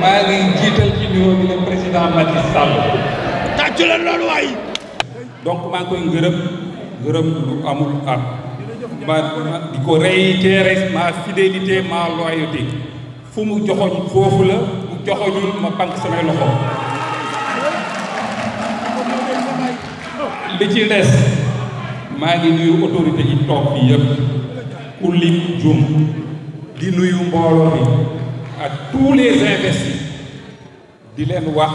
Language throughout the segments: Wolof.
maa ngi jiital ci nuyoo bi le président Macky Sall. tàccu leen loolu waay. donc maa ngi koy ngërëm ngërëm lu amul at. ma di ko réitérer ma fidélité ma loyauté fu mu joxoñ foofu la mu joxoñul ma banque samay loxo. li ci des maa ngi nuyu autorité yi toog bi yëpp ku jum di nuyu mbooloo bi. à tous les investis di leen wax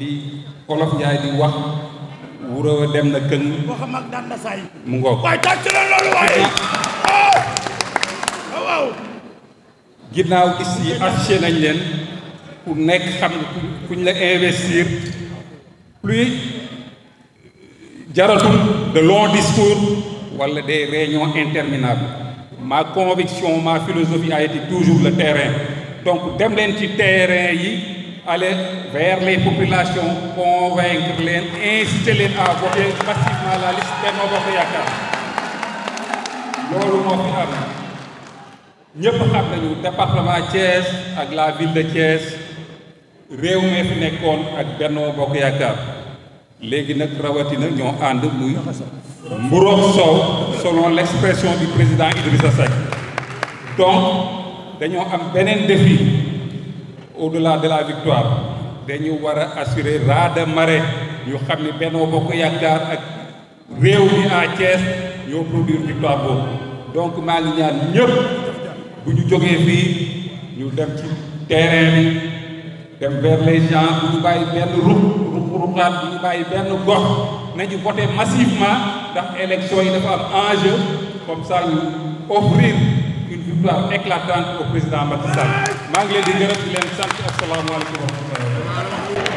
li Olof Njaay di wax wuro dem na këng ginnaaw gis yi affiché nañ leen ku nekk xam ku ñu la investir plus jaratul de longs discours wala des réunions interminables ma conviction ma philosophie a été toujours le terrain donc dem du terrain aller vers les populations convaincre les inciter les à voter massivement la liste de Bokk Lors de moo fi am avons xam le département Thiès la ville de Thiès réunir les fi avec ak Benno léegi nag rawatina ñoo ànd muy mburoog soow selon l' expression du président Idrissa Seck donc dañoo am beneen défi au-delà de la victoire dañu war a assurer raz-de-marée ñu xam ne Benno Bokk Yaakaar ak réew mi à ñoo produire victoire boobu donc maa ngi ñaan ñëpp bu ñu jógee fii ñu dem ci terrain bi dem vers les gens bu ñu bàyyi benn ruq ruq ruqaat bu ñu bàyyi benn gox nañu voter massivement ndax élection yi dafa am enjeu comme ça ñu offrir une victoire éclatante au président Macky Sall maa ngi leen di gërëm di leen sant asalaamaaleykum wa rahmatulah